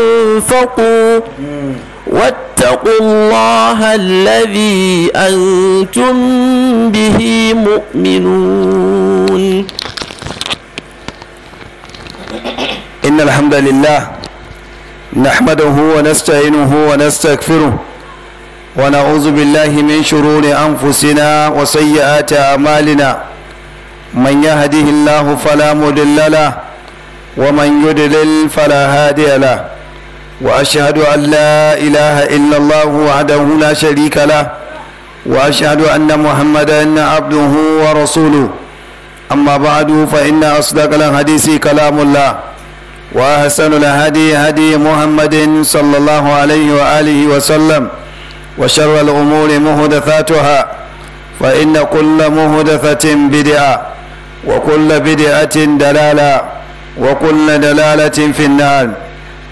تنفقوا واتقوا الله الذي أنتم به مؤمنون إن الحمد لله نحمده ونستعينه ونستغفره ونعوذ بالله من شرور أنفسنا وسيئات أعمالنا من يهده الله فلا مضل له ومن يضلل فلا هادي له وأشهد أن لا إله إلا الله وحده لا شريك له وأشهد أن محمدا عبده ورسوله أما بعد فإن أصدق الحديث كلام الله وأحسن الهدي هدي محمد صلى الله عليه وآله وسلم وشر الأمور مهدثاتها فإن كل مهدثة بدعة وكل بدعة دلالة وكل دلالة في النار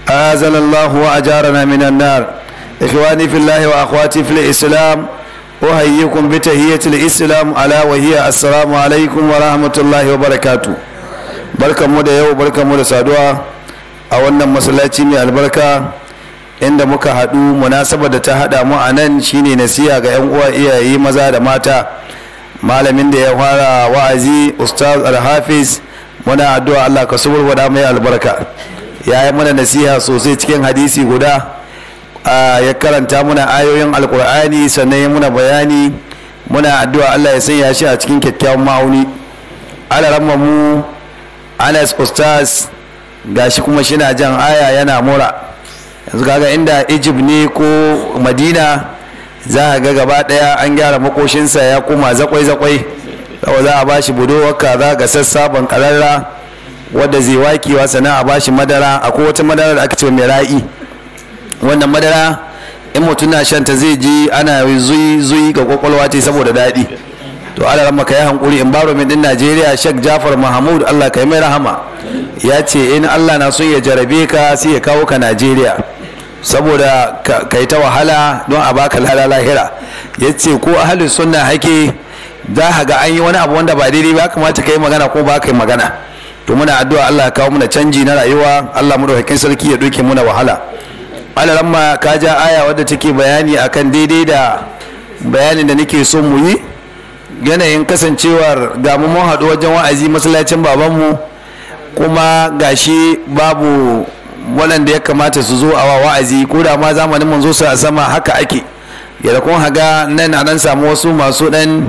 آزل الله وأجارنا من النار إخواني في الله وأخواتي في الإسلام أحييكم بتهية الإسلام على وهي السلام عليكم ورحمة الله وبركاته بركة مودة يو بركة مودة سادوا أولنا مسلاتي من البركة inda muka haɗu munasabar da ta haɗa mu a nan shine nasiha ga 'yan uwa iyaye maza da mata malamin da ya fara wa'azi ustaz al-hafiz muna addu'a allah ka subur da mai albarka ya yi mana nasiha sosai cikin hadisi guda ya karanta muna ayoyin alkur'ani sannan ya muna bayani muna addu'a allah ya sanya shi a cikin kyakkyawan ma'auni alaramma mu anas ustaz gashi kuma shi na jan aya yana mura yanzu kaga inda egypt ne ko madina za a ga gaba daya an gyara makoshinsa ya koma zakwai-zakwai za a ba shi budowar kaza ga sassaban kararra wadda zai wakewa sana a bashi madara akwai wata madara da aka ce mai ra'i wannan madara in mutum na ta zai je ana zui zui ga kwakwalwa ce saboda daɗi to ala rama ka yi hankuri min din najeriya shek jafar mahamud allah ka yi mai rahama ya ce in allah na son ya jarabe ka sai ya kawo ka najeriya saboda ka yi ta wahala don a baka lala lahira ya ce ko ahalin sunna hake za ga an yi wani abu wanda ba daidai ba kamata ka yi magana ko ba ka yi magana to muna addu'a Allah ya kawo muna canji na rayuwa Allah mu dauke sarki ya doke muna wahala alaramma ka ja aya wadda take bayani akan daidai da bayanin da nake son mu yi yanayin kasancewar ga mun haɗu wajen wa'azi masallacin baban mu kuma gashi babu waɗanda ya kamata su zo a wa wa'azi ko da ma zamanin mun zo su a sama haka ake yadda kun haga nan a samu wasu masu ɗan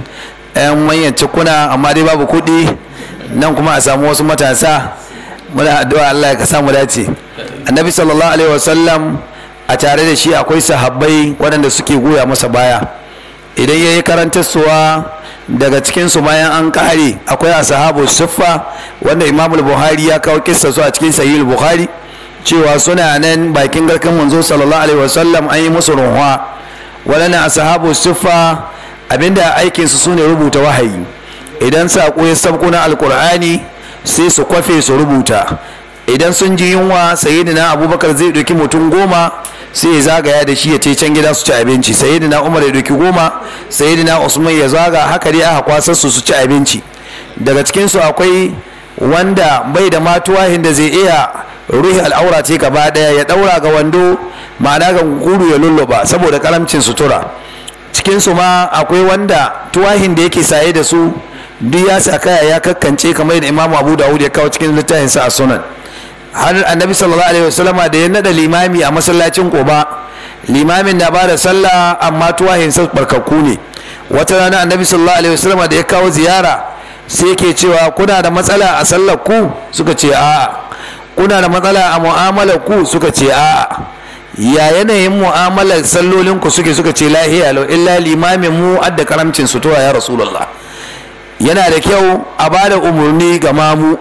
manyan cikuna amma dai babu kuɗi nan kuma a samu wasu matasa muna addu'a Allah ya samu dace annabi sallallahu alaihi wasallam a tare da shi akwai sahabbai waɗanda suke goya masa baya idan ya yi karantarsuwa daga cikinsu bayan an kare akwai a sahabu suffa wanda imam buhari ya kawo kissa su a cikin sahih buhari cewa suna nan bakin garkan manzo sallallahu alaihi wasallam an yi musu runwa waɗannan sahabu suffa abinda aikinsu sune rubuta wahayi idan saƙo ya sabko na alkur'ani sai su kwafe su rubuta idan sun ji yunwa na abubakar zai ɗauki mutum goma sai ya zagaya da shi ya ce can gida su ci abinci na umar ya ɗauki goma na usman ya zaga haka dai aka kwasar su su ci abinci daga cikin su akwai wanda bai da matuwahin da zai iya ruhi al'aura ce gaba daya ya daura ga wando ma'ana ga guru ya lulluba saboda karamcin sutura cikin su ma akwai wanda tuwahin da yake saye da su duk ya sa kaya ya kakkance kamar yadda imamu abu dawud ya kawo cikin littafinsa a sunan har annabi sallallahu alaihi wasallama da ya nada limami a masallacin koba limamin na ba da sallah amma tuwahin sa barkakku ne wata rana annabi sallallahu alaihi wasallama da ya kawo ziyara sai yake cewa kuna da matsala a sallar ku suka ce a'a kuna da matsala a mu'amalar ku suka ce a'a ya yanayin mu'amalar sallolin ku suke suka ce lahiya lau illa limamin mu adda karamcin sutura ya rasulullah yana da kyau a ba da umarni ga mamu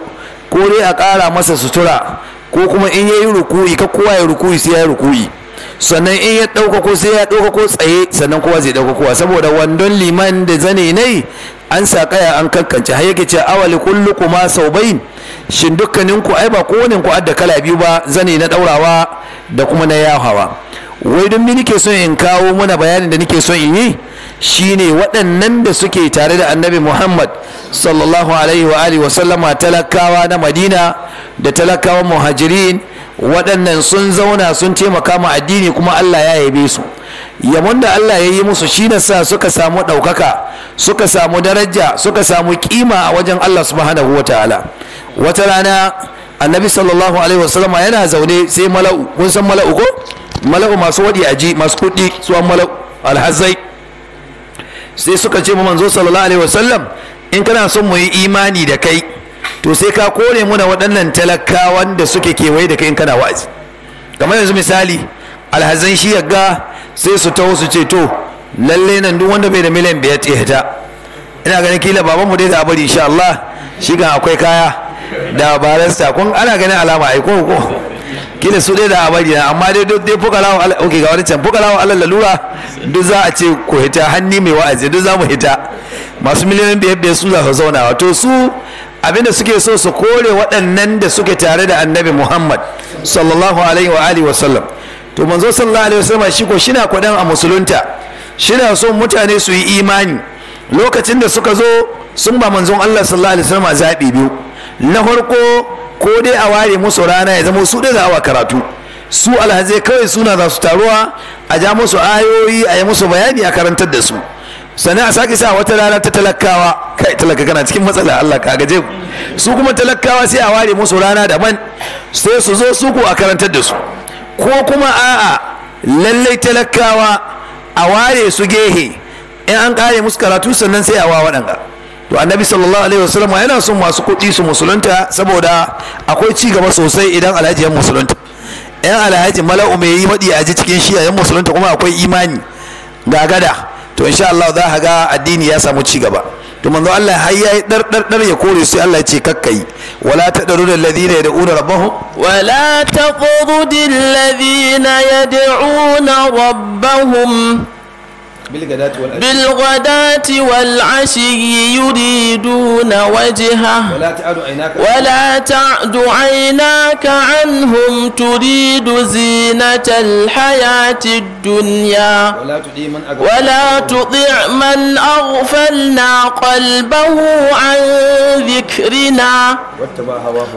ko dai a kara masa sutura ko kuma in ya yi rukuyi ka kowa ya rukuyi sai ya yi rukuyi sannan in ya ɗaukako sai ya ɗaukako tsaye sannan kowa zai ɗaukakowa saboda wandon liman da zane ne an sa kaya an kankance har yake ce awali kullu kuma sau bai shin dukkaninku ai ba kowannen ku adda kala biyu ba zane na ɗaurawa da kuma na yahawa wai don me nike son in kawo mana bayanin da nike son in yi shine waɗannan da suke tare da annabi muhammad sallallahu alaihi wa alihi talakawa na madina da talakawan muhajirin waɗannan sun zauna sun taimaka ma addini kuma allah ya yabe su yamun da allah ya yi musu shi sa suka samu ɗaukaka suka samu daraja suka samu kima a wajen allah subhanahu wa ta'ala wata rana annabi sallallahu alaihi wasallama yana zaune sai mala'u kun san mala'u ko mala'u masu waɗi aji masu kuɗi suwan mala'u alhazai sai suka ce mu manzo sallallahu alaihi wasallam in kana son mu yi imani da kai to sai ka kore muna waɗannan talakawan da suke kewaye da kai in kana wa'azi kamar yanzu misali alhazan shi ga sai su taho su ce to lalle nan duk wanda bai da miliyan biyar ta ina ganin kila baban mu dai da bari insha Allah shi ga akwai kaya da barasta kun ana ganin alama ai ko ko kila su dai da bari na amma dai duk dai fukalawa Allah ga wani can fukalawa Allah lalura duk za a ce ko hita hanni mai wa'azi duk za mu hita masu miliyoyin biyar biyar su za su zauna wato su abinda suke so su kore waɗannan da suke tare da annabi Muhammad sallallahu alaihi wa alihi wa sallam to manzo sallallahu alaihi wa sallam shi ko shina kwadan a musulunta shina so mutane su yi imani lokacin da suka zo sun ba manzon Allah sallallahu alaihi wa sallam zabi biyu na farko ko dai a ware musu rana ya zama su dai za a karatu su alhazai kawai suna za su taruwa a ja musu ayoyi a yi musu bayani a karantar da su sannan a sake sa wata rana ta talakawa kai talaka kana cikin matsala Allah ka gaje su kuma talakawa sai a ware musu rana daban sai su zo su ko a karantar da su ko kuma a'a lallai talakawa a ware su gehe in an kare musu karatu sannan sai a wa waɗanga to annabi sallallahu alaihi wasallam yana son masu kuɗi su musulunta saboda akwai ci gaba sosai idan alhaji yan musulunta yan alhaji mala'u mai yi maɗi a ji cikin shi yan musulunta kuma akwai imani ga gada to insha Allah za ka ga addini ya samu ci gaba to manzo Allah har yayi dar dar dar ya kore su Allah ya ce kakkai wala lil ladina yad'una rabbahum wala lil ladina yad'una rabbahum بالغداة والعشي بالغداة والعشي يريدون وجهه ولا تعد عيناك ولا تعد عيناك عنهم تريد زينة الحياة الدنيا ولا تطع من أغفلنا قلبه عن ذكرنا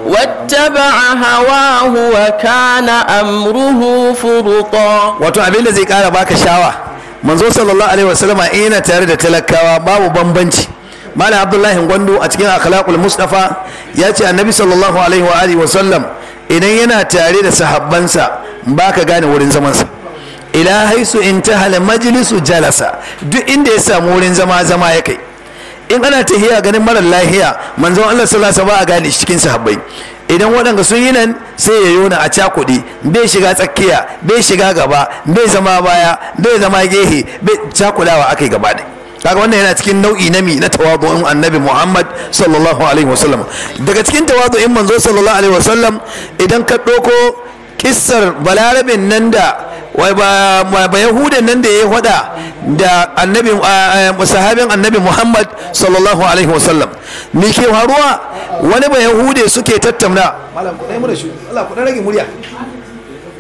واتبع هواه وكان أمره فرطا وتعبين زي قال باك الشاوة manzo sallallahu alaihi wasallam ina tare da talakawa babu bambanci malam abdullahi gwandu a cikin akhlaqul mustafa ya ce annabi sallallahu alaihi wa alihi wasallam idan yana tare da sahabbansa ba ka gane wurin zamansa ila haisu intahala majlisu jalasa duk inda ya samu wurin zama zama ya kai in ana tahiya ganin marar lahiya manzon Allah sallallahu alaihi wasallam ba a gane cikin sahabbai idan waɗanda sun yi nan sai ya yona a cakuɗi bai shiga tsakiya bai shiga gaba bai zama baya bai zama gehe bai cakudawa akai gaba ne kaga wannan yana cikin nau'i na mi na tawadu'in annabi Muhammad sallallahu alaihi wasallam daga cikin tawadu'in manzo sallallahu alaihi wasallam idan ka ɗauko kissar balarabin nan da ba yahudan nan da ya yi hada da annabi sahabin annabi muhammad sallallahu alaihi wasallam me ke faruwa wani ba yahude suke tattauna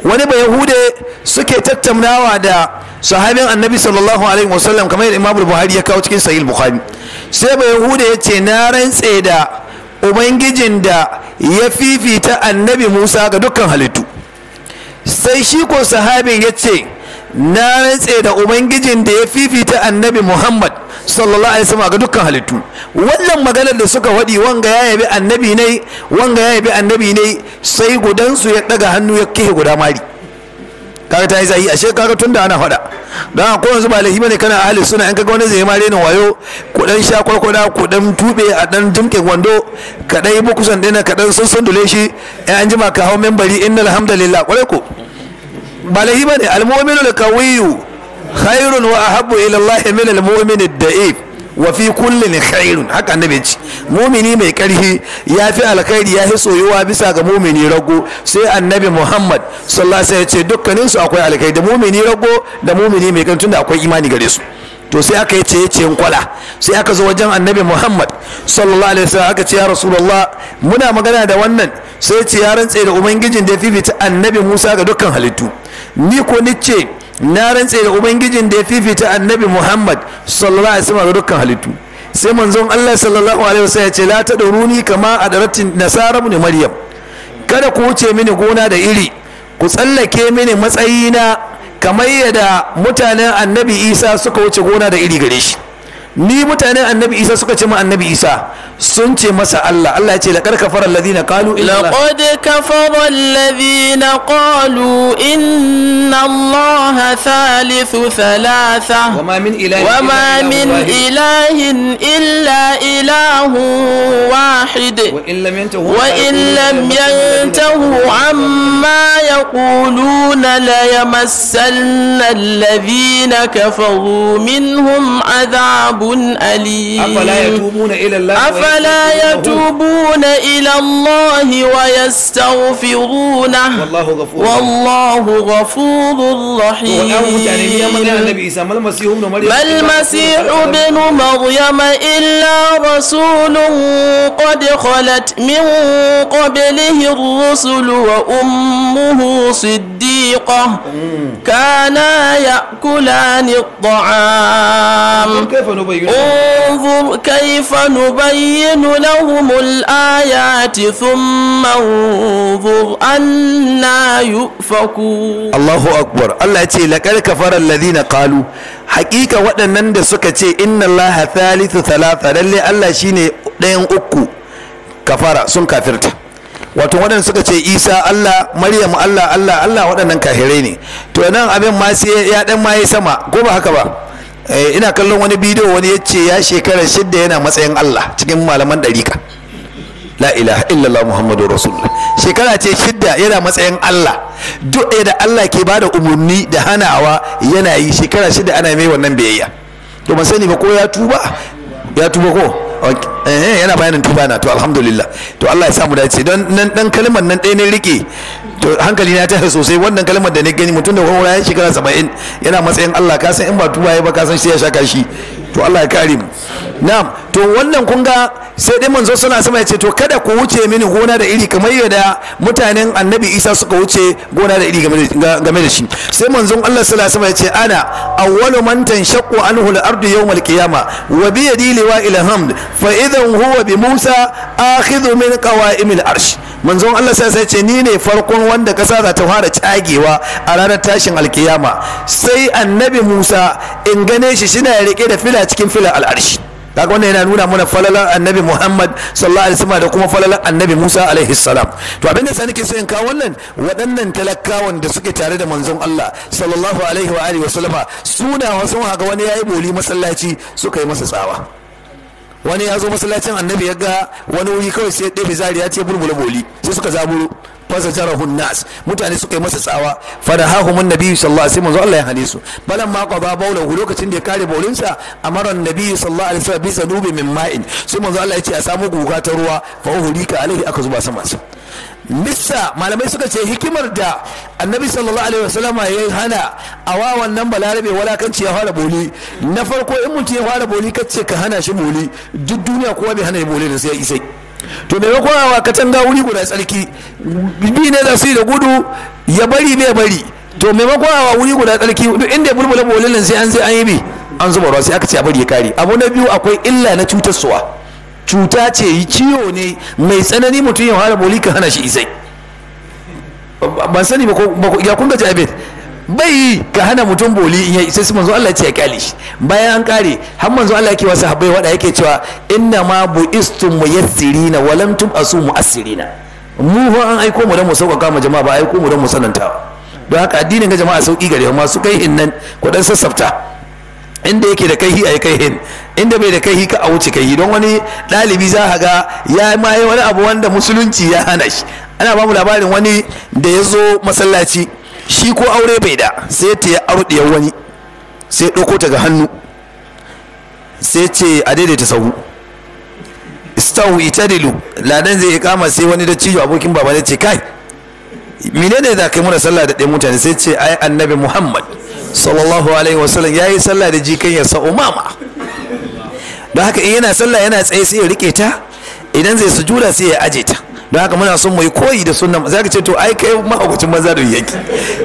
wani ba yahude suke tattaunawa da sahabin annabi sallallahu alaihi wasallam kamar yadda imamul buhari ya kawo cikin sahih bukhari sai ba yahude ya ce na rantse da ubangijin da ya fifita annabi musa ga dukkan halittu sai shi ko sahabin ya ce na rantse da ubangijin da ya fifita annabi muhammad sallallahu alaihi wasallam ga dukkan halittu wannan maganar da suka waɗi wanga ya yabi annabi ne wanga ya yabi annabi ne sai gudansu ya ɗaga hannu ya kihe guda mari kaga ta yi zahi ashe kaga tunda ana faɗa don ko yanzu ba laifi bane kana ahli suna in kaga wani zai ma wayo kuɗan sha kwakwada ku tube a ɗan jimke wando kaɗai dai bukusan dina ka dan sunsundule shi in an jima ka hau membari inna alhamdulillah kwarai ko ba laifi bane al-mu'minu al khairun wa ahabbu ila Allah min al wa fi ni khairun haka annabi ce mumini mai karhi ya fi alkhairi ya fi soyuwa bisa ga mumini rago sai annabi muhammad sallallahu alaihi wasallam ya ce dukkanin su akwai alkhairi da mumini rago da mumini mai karhi tunda akwai imani gare su to sai aka yi ciye kwala sai aka zo wajen annabi muhammad sallallahu alaihi wasallam aka ce ya rasulullah muna magana da wannan sai ce ya rantse da ubangijin da ya fifita annabi musa ga dukkan halittu ni ko ni ce na rantse da ubangijin da ya fifita annabi muhammad sallallahu alaihi wasallam da dukkan halittu sai manzon allah sallallahu alaihi wasallam ya ce la ta ni kama a daratin nasara ne maryam kada ku wuce mini gona da iri ku tsallake mini matsayina kamar yadda mutanen annabi isa suka wuce gona da iri gare shi ni mutanen annabi isa suka ce ma annabi isa sun ce masa Allah Allah ya ce laqad kafara alladhina qalu inna laqad kafara alladhina qalu inna Allah thalithu thalatha wama min ilahin wama min ilahin illa ilahun wahid wa in lam yantahu wa in lam yantahu amma yaquluna la yamassanna alladhina kafaru minhum adhab عذاب أليم أفلا يتوبون إلى الله أفلا يتوبون إلى الله ويستغفرونه والله غفور والله غفور رحيم ما المسيح ابن مريم إلا رسول قد خلت من قبله الرسل وأمه صديقة كانا يأكلان الطعام كيف انظر كيف نبين لهم الآيات ثم انظر أنا يؤفكون الله أكبر الله يقول لقد كفر الذين قالوا حقيقة وأنن سكتي إن الله ثالث ثلاثة للي الله شيني ɗayan uku kafara sun kafirta wato waɗanda suka ce isa allah maryam allah allah allah waɗannan kahirai ne to nan abin ma sai ya ɗan ma sama ko ba haka ba Eh, ina kallon wani bidiyo wani ya ce ya shekara shidda yana matsayin Allah cikin malaman ɗarika la ilaha illallah muhammadu rasulullah shekara ce shidda yana matsayin Allah duk da Allah ke bada umarni da hanawa yana yi shekara shidda ana mai wannan biyayya to ban sani ba ko ya tuba ya tuba ko eh, yana bayanin tuba na to alhamdulillah to Allah ya sa mu dace don nan dan kalmar nan ɗaya ne rike to hankali na tashi sosai wannan kalmar da na gani mutum da kuma ya shekara saba'in yana matsayin allah ka san in ba tuba ya ba ka san sai ya shaka shi to Allah ya kare mu na'am to wannan kun ga sai dai manzo suna sama ya ce to kada ku wuce mini gona da iri kamar yadda mutanen annabi isa suka wuce gona da iri game da shi sai manzon Allah sallallahu alaihi wasallam ya ce ana awwalu man tanshaqu anhu al-ardu yawm al-qiyama wa bi yadi liwa ila hamd fa idhan huwa bi musa akhidhu min qawa'im al-arsh manzon Allah sai sai ce ni ne farkon wanda kasa za ta fara cagewa a ranar tashin al-qiyama sai annabi musa in gane shi shi na rike da fila a cikin fila al'arshi kaga wannan yana nuna mana falalar annabi muhammad sallallahu alaihi wasallam da kuma falalar annabi musa alaihi salam to abinda sai nake so in kawo wannan waɗannan talakawan da suke tare da manzon allah sallallahu alaihi wa alihi wasallama suna wasu haka wani yayi boli masallaci suka yi masa tsawa wani ya zo masallacin annabi ya ga wani wuri kawai sai ɗebe zari ya ce bulbula boli sai suka zaburo fasa jarahun nas mutane suka yi masa tsawa fada mun nabi sallallahu alaihi wasallam Allah ya hane su balan ma qaba hu lokacin da ya kare sa amaran nabi sallallahu alaihi wasallam bi sanubi min ma'in sai manzo Allah ya ce a samu guga ta ruwa fa uhulika alaihi aka zuba sama sa lissa malamai suka ce hikimar da annabi sallallahu alaihi wasallam ya hana a wawan nan balarabe walakanci ya fara boli na farko in mutum ya fara boli kace ka hana shi boli duk duniya kowa bai hana ya boli da sai ya isai to maimakon ka katanga wuri guda tsarki bi ne za su yi da gudu ya bari bai bari to maimakon a wuri guda tsarki duk inda ya bulbula bolin nan sai an sai an yi bi an zuba ruwa sai aka ce a bari ya kare abu na biyu akwai illa na cutar suwa cuta ce yi ciwo ne mai tsanani mutum ya fara boli ka hana shi isai ban sani ba ya kun gaji abin bai ka hana mutum boli in yai sai su manzo Allah ce ya kyale shi bayan an kare har manzo Allah yake wasu habai wanda yake cewa inna ma buistum muyassirina wa lam asu muassirina mu fa an aiko mu dan mu sauka mu jama'a ba aiko mu dan mu sananta, don haka addinin ga jama'a sauƙi gare mu su kai hinnan ku dan sassafta inda yake da kaihi kai kaihin inda bai da kaihi ka a wuce kaihi don wani ɗalibi za ka ga ya ma wani abu wanda musulunci ya hana shi ana ba mu labarin wani da ya zo masallaci shi ko aure bai da sai ta ya arɗe wani sai ɗauko ta ga hannu sai ce a daidaita sahu istawu itadilu ladan zai kama sai wani da cijo abokin baba ne ce kai menene za ka yi muna sallah da ɗaya mutane sai ce ai annabi muhammad sallallahu alaihi wasallam ya yi sallah da jikanyarsa umama don haka in yana sallah yana tsaye sai ya rike ta idan zai sujuda sai ya aje ta don haka muna son mai koyi da sunna za ka ce to ai kai mahaukacin maza da yaki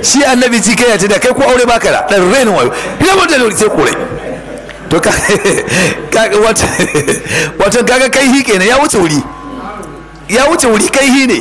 shi annabi ji kai ya ce da kai ko aure baka da dan rainin wayo ya mu da lori sai kore to ka wato kaga kai hi kenan ya wuce wuri ya wuce wuri kai hi ne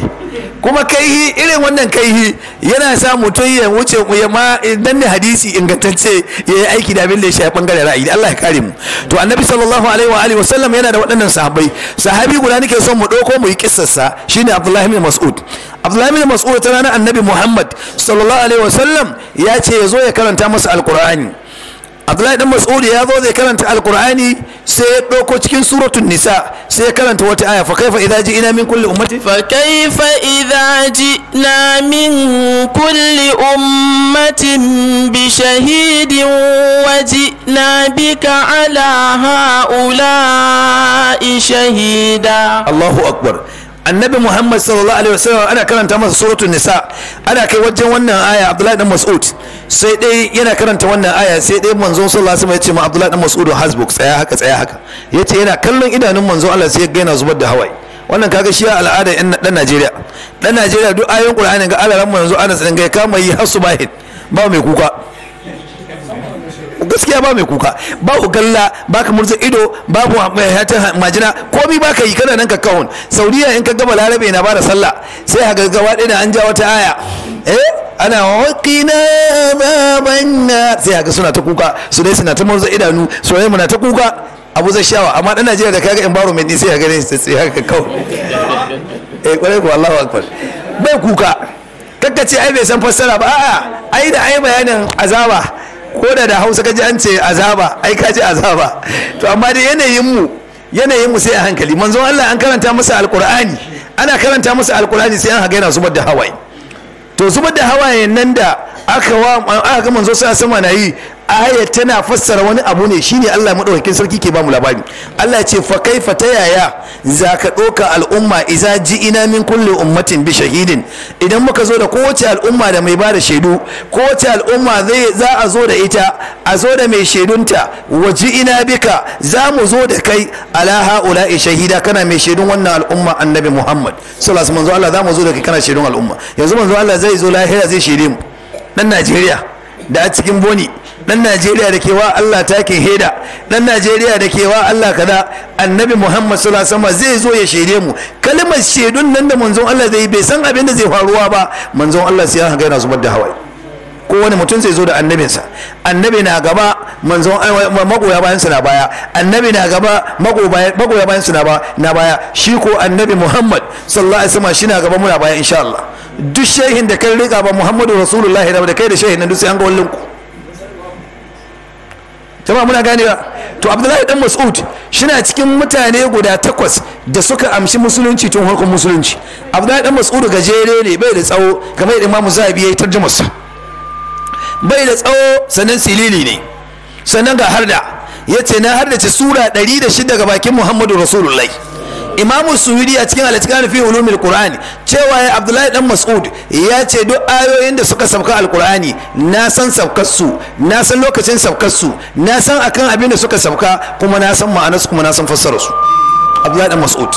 kuma kaihi irin wannan kaihi yana sa mutum ya wuce ku ya ma dan ne hadisi ingantacce ya yi aiki da abin da ya shafi bangare ra'ayi Allah ya kare mu to annabi sallallahu alaihi wa alihi wasallam yana da waɗannan sahabbai sahabi guda nake son mu dauko mu yi kissarsa shine Abdullah ibn Mas'ud Abdullah ibn Mas'ud ta ranar annabi Muhammad sallallahu alaihi wasallam ya ce ya zo ya karanta masa alqur'ani abdullahi dan mas'ud ya zo zai karanta alqur'ani sai ya dauko cikin suratul nisa sai ya karanta wata aya fa kaifa idza ji'na min kulli ummatin. fa kaifa idza ji'na min kulli ummatin bi shahidin wa ji'na bika ala haula'i shahida Allahu akbar annabi muhammad sallallahu alaihi wasallam ana karanta masa suratul nisa ana kai wajen wannan aya abdullahi dan mas'ud sai dai yana karanta wannan aya sai dai manzo sallallahu alaihi wasallam ya ce ma abdullahi dan mas'ud hasbuk tsaya haka tsaya haka yace yana kallon idanun manzo Allah sai ga yana zubar da hawaye wannan kaga shi al'ada ɗan dan Najeriya dan Najeriya duk ayoyin Qur'ani ga allah ran manzo Anas din ga kama yi hasu bahin ba mai kuka gaskiya ba mai kuka Ba ku galla ba ka murza ido ba ku majina komi ka yi kana nan ka kawun. saudiya in ka gaba larabe na bada sallah sai a gaggawa ɗaya an ja wata aya eh ana waƙina babanna sai a suna ta kuka su dai suna ta murza idanu soyayya muna ta kuka abu zai shawa amma ɗan najeriya da kaga environment sai a gane sai haka kawai eh kwarai ku allahu akbar bai kuka kakkace ai bai san fassara ba a'a ai da ai bayanin azaba ko da da hausa kaji an ce azaba ai kaji azaba to amma da yanayin mu yanayin mu sai a hankali manzon Allah an karanta musu alqur'ani ana karanta musu alqur'ani sai an haga yana zubar da hawaye to zubar da hawaye nan da aka wa aka manzo sai sama na yi aya tana fassara wani abu ne shine Allah madaukakin sarki ke bamu labari Allah ce fa kaifa ta yaya ka doka al'umma idza ina min kulli ummatin bi shahidin idan muka zo da kowace al'umma da mai bada shaidu kowace al'umma za a zo da ita a zo da mai shaidunta wa ina bika za mu zo da kai ala haula shahida kana mai shaidun wannan al'umma annabi Muhammad sallallahu alaihi wasallam Allah za mu zo da kai kana shaidun al'umma yanzu manzo Allah zai zo lahira zai shaide mu dan Najeriya da a cikin boni dan najeriya da kewa allah ta ke heda dan najeriya da kewa allah kaza annabi muhammad sallallahu alaihi wasallam zai zo ya shaide mu kalmar shaidun nan da manzon allah zai yi bai san abin da zai faruwa ba manzon allah sai ya ga yana zubar da hawaye kowane mutum zai zo da annabinsa annabi na gaba manzon eh, magoya bayan na baya annabi na gaba magoya bayan na ba na baya shi ko annabi muhammad sallallahu alaihi wasallam shi na gaba muna baya insha Allah duk shehin da kai rika ba muhammadu rasulullahi da kai da shehin nan duk sai an ga wallin ku jama'a muna ganewa to abdullahi dan mas'ud shina cikin mutane guda takwas da suka amshi musulunci tun harkar musulunci abdullahi dan mas'ud gajere ne bai da tsawo kamar yadda imamu zabi ya tarjuma sa bai da tsawo sannan silili ne sannan ga harda ya ce na harda ce sura 106 daga bakin muhammadu rasulullahi imamu suwidi a cikin alitikan fi ulumi alkur'ani cewa ya abdullahi dan mas'ud ya ce duk ayoyin da suka sauka alkur'ani na san saukar na san lokacin saukar su na san akan abin da suka sauka kuma na san ma'anar kuma na san fassarar su abdullahi dan mas'ud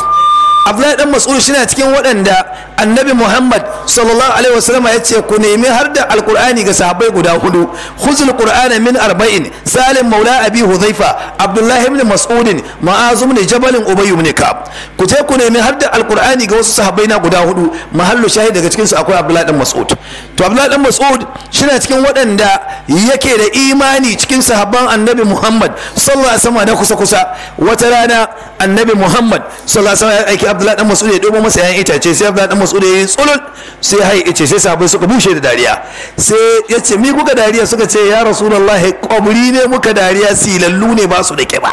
abdullahi dan mas'ud shine cikin waɗanda annabi muhammad sallallahu alaihi wasallam ya ce ku nemi har da alqur'ani ga sahabbai guda hudu khuzul qur'ana min arba'in salim maula abi huzaifa abdullahi ibn mas'ud ma'az ibn jabal ubay ibn ka'ab ku je ku nemi har da alqur'ani ga wasu sahabbai na guda hudu mahallu shahid daga cikin su akwai abdullahi dan mas'ud to abdullahi dan mas'ud shine cikin waɗanda yake da imani cikin sahabban annabi muhammad sallallahu alaihi wasallam na kusa kusa wata rana annabi muhammad sallallahu alaihi wasallam ya aiki abdullahi dan mas'ud ya dubo masa yayin itace sai abdullahi dan mas'ud ya tsulul sai hai ice sai sabai suka bushe da dariya sai ya ce mi kuka dariya suka ce ya rasulullahi kwabri ne muka dariya silallu ne ba su da kiba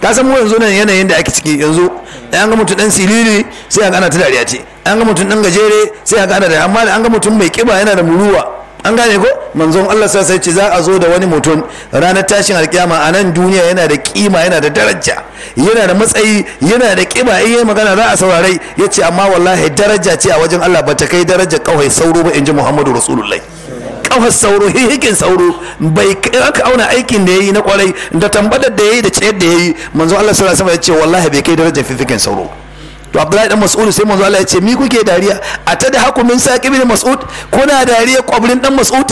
ka san mu yanzu nan yanayin da ake ciki yanzu an ga mutum dan silili sai an ga ana ta dariya ce an ga mutum dan gajere sai an ga ana da amma an ga mutum mai kiba yana da muruwa an gane ko manzon Allah sai sai ce za a zo da wani mutum ranar tashin alkiyama a nan duniya yana da kima yana da daraja yana da matsayi yana da kiba in yayi magana za a saurare ce amma wallahi daraja ce a wajen Allah ba ta kai daraja kawai sauro ba inji Muhammadu Rasulullahi kawai sauro hihikin sauro bai kai aka auna aikin da ya yi na kwarai da tambadar da yayi da ciyar da yayi manzon Allah sai sai ya ce wallahi bai kai darajar fifikin sauro to abdullahi dan mas'ud sai manzo Allah ya ce mi kuke dariya a ta da haku min bin mas'ud kuna dariya kwabrin dan mas'ud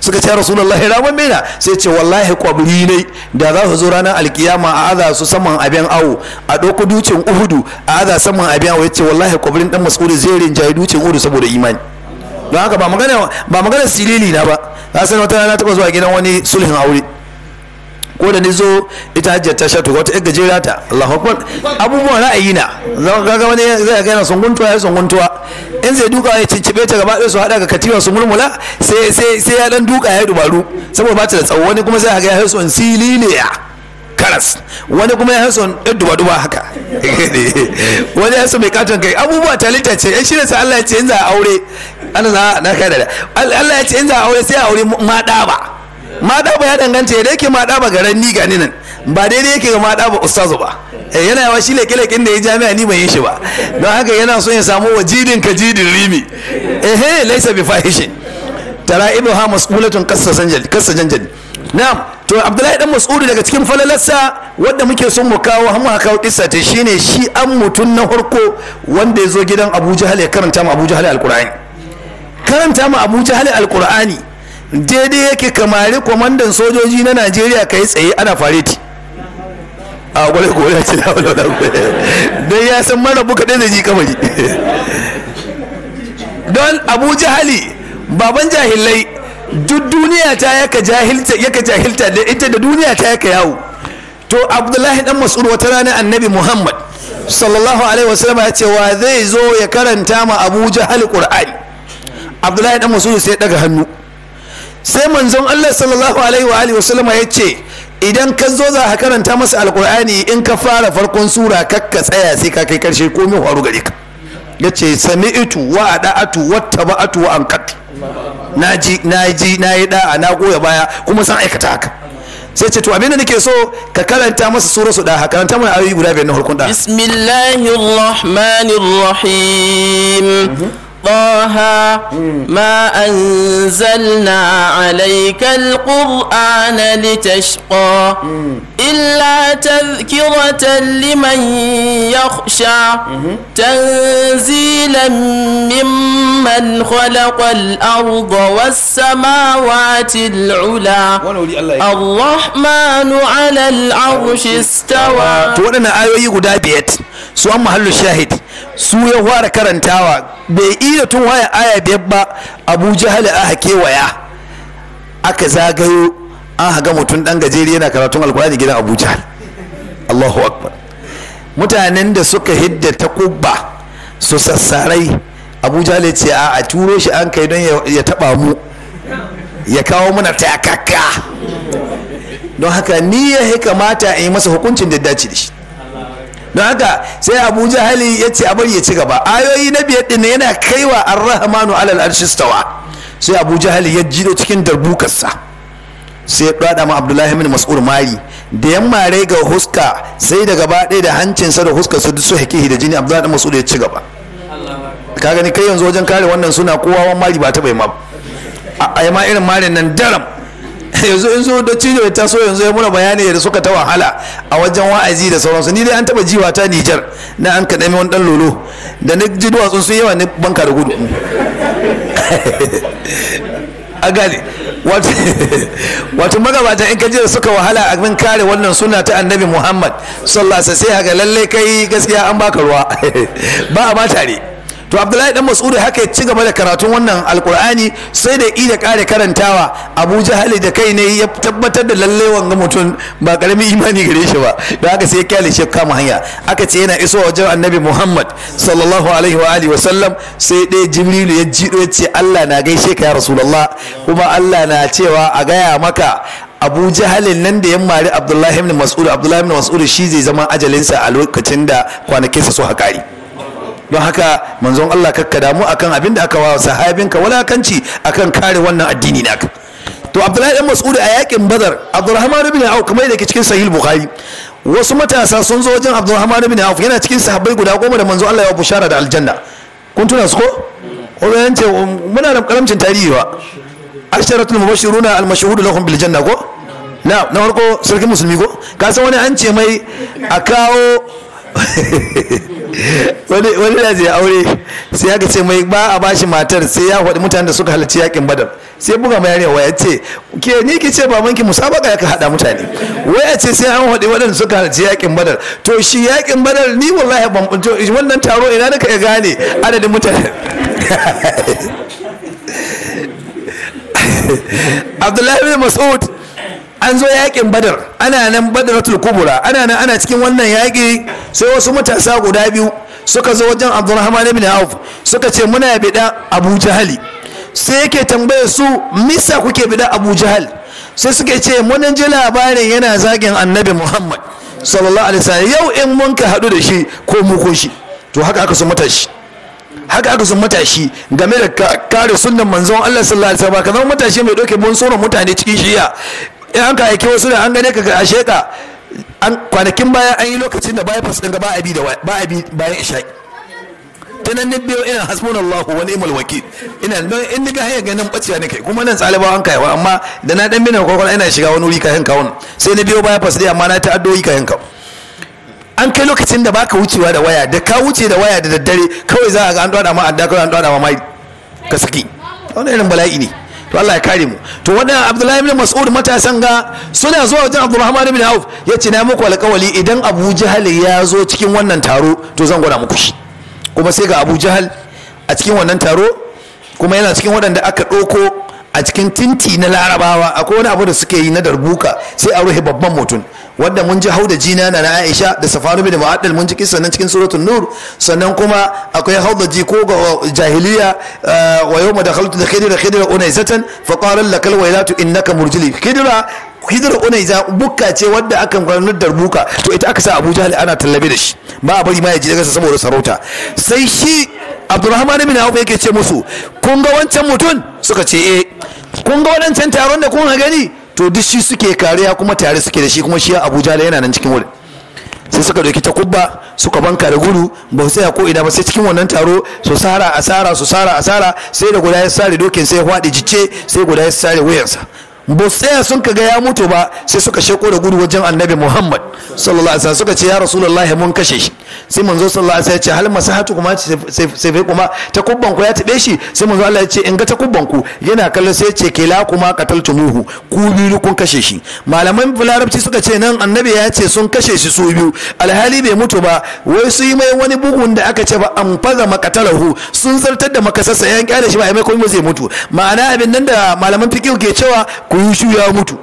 suka ce rasulullah rawan mena sai ce wallahi kwabri ne da za su zo ranar alkiyama a aza su saman abin awo a ɗauko dukin uhudu a aza saman abin awo yace wallahi kwabrin dan mas'ud zai rinjaye dukin uhudu saboda imani don haka ba magana ba magana silili na ba na san wata rana ta zuwa gidan wani sulhin aure ko da ni zo ita hajjiyar ta shato wata yadda jera ta Allahu akbar abubuwan ra'ayi na zan gaga wani zai ga na sunguntuwa ya sunguntuwa in zai duka ya cincibe ta gaba ɗaya su haɗa ga katiwa su murmula sai ya ɗan duka ya dubaru saboda ba ta da tsawo wani kuma sai ga ya haso ya karas wani kuma ya haso ɗan duba-duba haka wani ya mai katon kai abubuwa talita ce ya shirya, sa Allah ya ce in za a aure ana na kai da Allah ya ce in za a aure sai a aure ma ba. mada ba ya danganta yadda yake mada ba garan ni gani nan ba daidai yake ga mada ba ustazu ba eh, yana yawa shi leƙe-leƙen da ya jami'a ni ban yi shi ba don haka yana son ya samu wa jidin ka jidin rimi ehe laisa bi fahishin tara ibu ha mas'ulatun kassa janjali na'am to abdullahi dan mas'udu daga cikin falalarsa wanda muke son mu kawo hamu ha kawo kissa ta shine shi an mutun na farko wanda ya zo gidan abu jahal ya karanta mu abu jahal alqur'ani karanta mu abu jahal alqur'ani daidai yake kamari kwamandan sojoji na najeriya ka yi tsaye ana fareti a gwale gwale ce da wani don ya san mara buka ɗaya da ji kamari don abu jahali baban jahilai duk duniya ta yaka jahilta yaka jahilta da ita da duniya ta yaka yawo to abdullahi dan mas'ud wata rana annabi muhammad sallallahu alaihi wasallam ya ce wa zai zo ya karanta ma abu jahal qur'ani abdullahi dan mas'ud sai ya daga hannu sai manzon Allah sallallahu alaihi wa alihi wasallama ya ce idan ka zo za ka karanta masa alqur'ani in ka fara farkon sura kakka tsaya sai ka kai karshe komai haru gare ka yace sami'tu wa da'atu wa taba'atu wa anqatu naji naji nayi da'a na goya baya kuma san aikata haka sai ce to abin da nake so ka karanta masa sura su da karanta mana ayoyi guda biyar na farkon da bismillahir rahmanir rahim mhm. طه ما أنزلنا عليك القرآن لتشقى إلا تذكرة لمن يخشى تنزيلا ممن خلق الأرض والسماوات العلا الرحمن على العرش استوى تقولنا آية يقول سوى محل الشاهد su ya fara karantawa bai iya tun waya aya biyar ba abu a aka kewaya aka zagayo an haga mutum dan gajeri yana karatun alkurani gidan abu allahu akbar mutanen da suka hidda ta kubba su sassarai abu jahal ce a turo shi an kai don ya taba mu ya kawo muna takakka don haka ni ya kamata in yi masa hukuncin da dace da shi don haka sai abu jahali ya ce abar ya ci gaba ayoyi na biyar ɗin yana kaiwa arrahmanu alal arshistawa sai abu jahali ya jido cikin darbukarsa sai ya ɗaɗa ma abdullahi min mas'ud mari da yamma rai ga huska sai da gaba ɗaya da hancinsa da huska su su hakihi da jini abdullahi mas'ud ya ci gaba ka gani kai yanzu wajen kare wannan suna kowa wani mari ba ta bai ma a ma irin marin nan daram yanzu in so da cijo ta so yanzu ya muna bayani da suka ta wahala a wajen wa'azi da sauransu ni dai an taba jiwa ta Nijar na an ka wani ɗan lolo da na ji duwatsun sun yawa ni banka da gudu a gane wato magabata in ka ji da suka wahala a min kare wannan suna ta annabi muhammad sallallahu alaihi wasallam sai haka lallai kai gaskiya an baka ruwa ba a ba tare to abdullahi dan mas'udu haka ya ci da karatun wannan alkur'ani sai da ida kare karantawa abu jahali da kai ne ya tabbatar da lalle wanga mutum ba karamin imani gare shi ba da haka sai ya kyale shi kama hanya aka ce yana iso wajen annabi muhammad sallallahu alaihi wa alihi wa sai dai jibrilu ya jido ya ce allah na gaishe ka ya rasulullah kuma allah na cewa a gaya maka abu jahalin nan da ya mari abdullahi ibn mas'ud abdullahi ibn mas'ud shi zai zama ajalinsa a lokacin da kwanakinsa su haƙari don haka manzon Allah kakka damu akan abin da aka wa sahabinka walakanci akan kare wannan addini naka to abdullahi dan mas'ud a yakin badar abdurrahman ibn auf kamar da ke cikin sahih bukhari wasu matasa sun zo wajen abdurrahman ibn auf yana cikin sahabbai guda goma da manzon Allah ya bushara da aljanna kun tuna su ko ko yan ce um, muna da karamcin tarihi wa asharatul mubashiruna al lahum bil janna ko na na farko sarkin musulmi ko ka san wani an ce mai a kawo wani da zai aure sai ya ce mai ba a bashi matar sai ya faɗi mutanen da suka halarci yakin badar sai buga mai yarewa ya ce ke ni ki ce babanki musabaka ya ka haɗa mutane waya ce sai an faɗi waɗanda suka halarci yakin badar to shi yakin badar ni wallahi ban wannan taro ina da ka gane adadin mutane abdullahi bin mas'ud an zo yakin badar ana nan Badar kubura ana nan ana cikin wannan yaƙi sai wasu matasa guda biyu suka zo wajen abdurrahman ibn auf suka ce muna bida abu jahali sai yake tambaye su misa kuke bida abu jahal sai suke ce mun ji labarin yana zagin annabi muhammad sallallahu alaihi wasallam yau in mun ka hadu da shi ko mu ko shi to haka aka so matashi haka aka so matashi game da kare sunnan manzon Allah sallallahu alaihi wasallam ka zama matashi mai doke mun tsoron mutane cikin shiya in an ka aiki wasu da an gane ka ga ashe ka kwanakin baya an yi lokacin da bypass din ga ba abi da ba abi bayan isha'i tunan ni biyo ina hasbun Allah wa ni'mal wakil ina in ni ga haya ganin baciya ne kai kuma nan an kai wa amma da na dan bina kokon ina shiga wani wuri kayan kawun sai ni biyo baya fas dai amma na ta addoyi kayan ka an kai lokacin da baka wucewa da waya da ka wuce da waya da daddare kawai za a ga an dada ma adda kawai an ma mai ka saki wannan irin bala'i ne to Allah ya kare mu to wannan Abdullahi ibn Mas'ud matasan ga suna zuwa wajen Abdurrahman ibn Auf yace na muku alƙawali idan Abu Jahal ya zo cikin wannan taro to zan gwada muku shi kuma sai ga Abu Jahal a cikin wannan taro kuma yana cikin waɗanda aka ɗauko a cikin tinti na larabawa akwai wani abu da suke yi na darbuka sai a rufe babban mutum wadda mun ji hau da jina na Aisha da Safar bin Mu'addal mun ji kissa nan cikin suratul Nur sannan kuma akwai hau da ji ko ga uh, jahiliya uh, wa yawma dakhaltu khidra khidra unaizatan fa qala lakal waylatu innaka murjili khidra khidra unaiza bukka ce wadda akan gwanar da buka to ita aka sa Abu Jahl ana tallabe da shi ba a bari ma ya ji daga saboda sarauta sai shi Abdulrahman bin Auf yake ce musu kun ga wancan mutum suka ce eh kun ga wancan taron da kun gani to duk shi suke kariya kuma tare suke da shi kuma shi abuja da yana nan cikin wurin sai suka doki ta kubba suka banka da gudu ba su tsaya ko ina ba sai cikin wannan taro su sara asara su sara asara sai da guda ya sare dokin sai ya faɗi jice sai guda ya sare wuyansa ba su tsaya sun kaga ya mutu ba sai suka sheko da gudu wajen annabi muhammad sallallahu alaihi wasallam suka ce ya rasulullah mun kashe shi sai manzo sallallahu alaihi wasallam ya ce hal masahatu kuma sai fai kuma ta kubban ku ya tabe shi sai manzo Allah ya ce in ga ta kubban ku yana kallon sai ya ce kila kuma qataltumuhu ku biyu kun kashe shi malaman larabci suka ce nan annabi ya ce sun kashe shi su biyu alhali bai mutu ba wai su yi mai wani bugun da aka ce ba an faza makatalahu sun zartar da makasarsa yan kyale shi ba mai komai zai mutu ma'ana abin nan da malaman fiqh ke cewa kuyushu ya mutu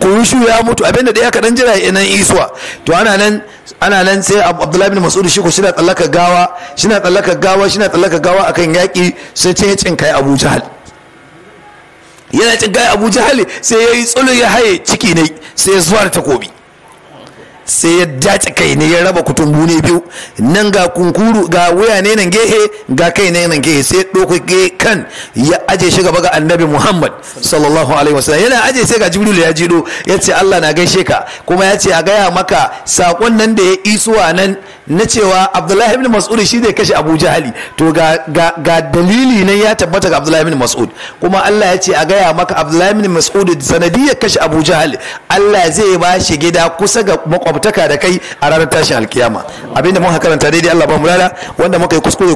kuyushu ya mutu abinda da ya kaɗan jira ya nan isuwa to ana nan ana nan sai abdullahi bin mas'ud shi ko shi tsallaka gawa shi na tsallaka gawa shi tsallaka gawa akan yaki sai ce ya kai abu jahal yana cin kai abu jahal sai ya yi tsulu ya haye ciki ne sai ya zuwa da takobi sai ya dace kai ne ya raba kutungu ne biyu nan ga kunkuru ga wuya ne nan gehe ga kai ne nan gehe sai ɗauke kan ya aje shi gaba ga annabi muhammad sallallahu alaihi wasallam yana aje sai ga jibril ya jido ya ce allah na gaishe ka kuma ya ce a gaya maka saƙon nan da ya iso a nan na cewa abdullahi ibn mas'ud shi zai kashe abu jahali to ga, ga, ga dalili nan ya tabbata ga abdullahi ibn mas'ud kuma allah ya ce a gaya maka abdullahi ibn mas'ud sanadiyar kashe abu jahali allah zai ba shi gida kusa ga makwabta makwabtaka da kai a ranar tashin alkiyama abinda muka karanta daidai Allah ba mu lada wanda muka yi kuskure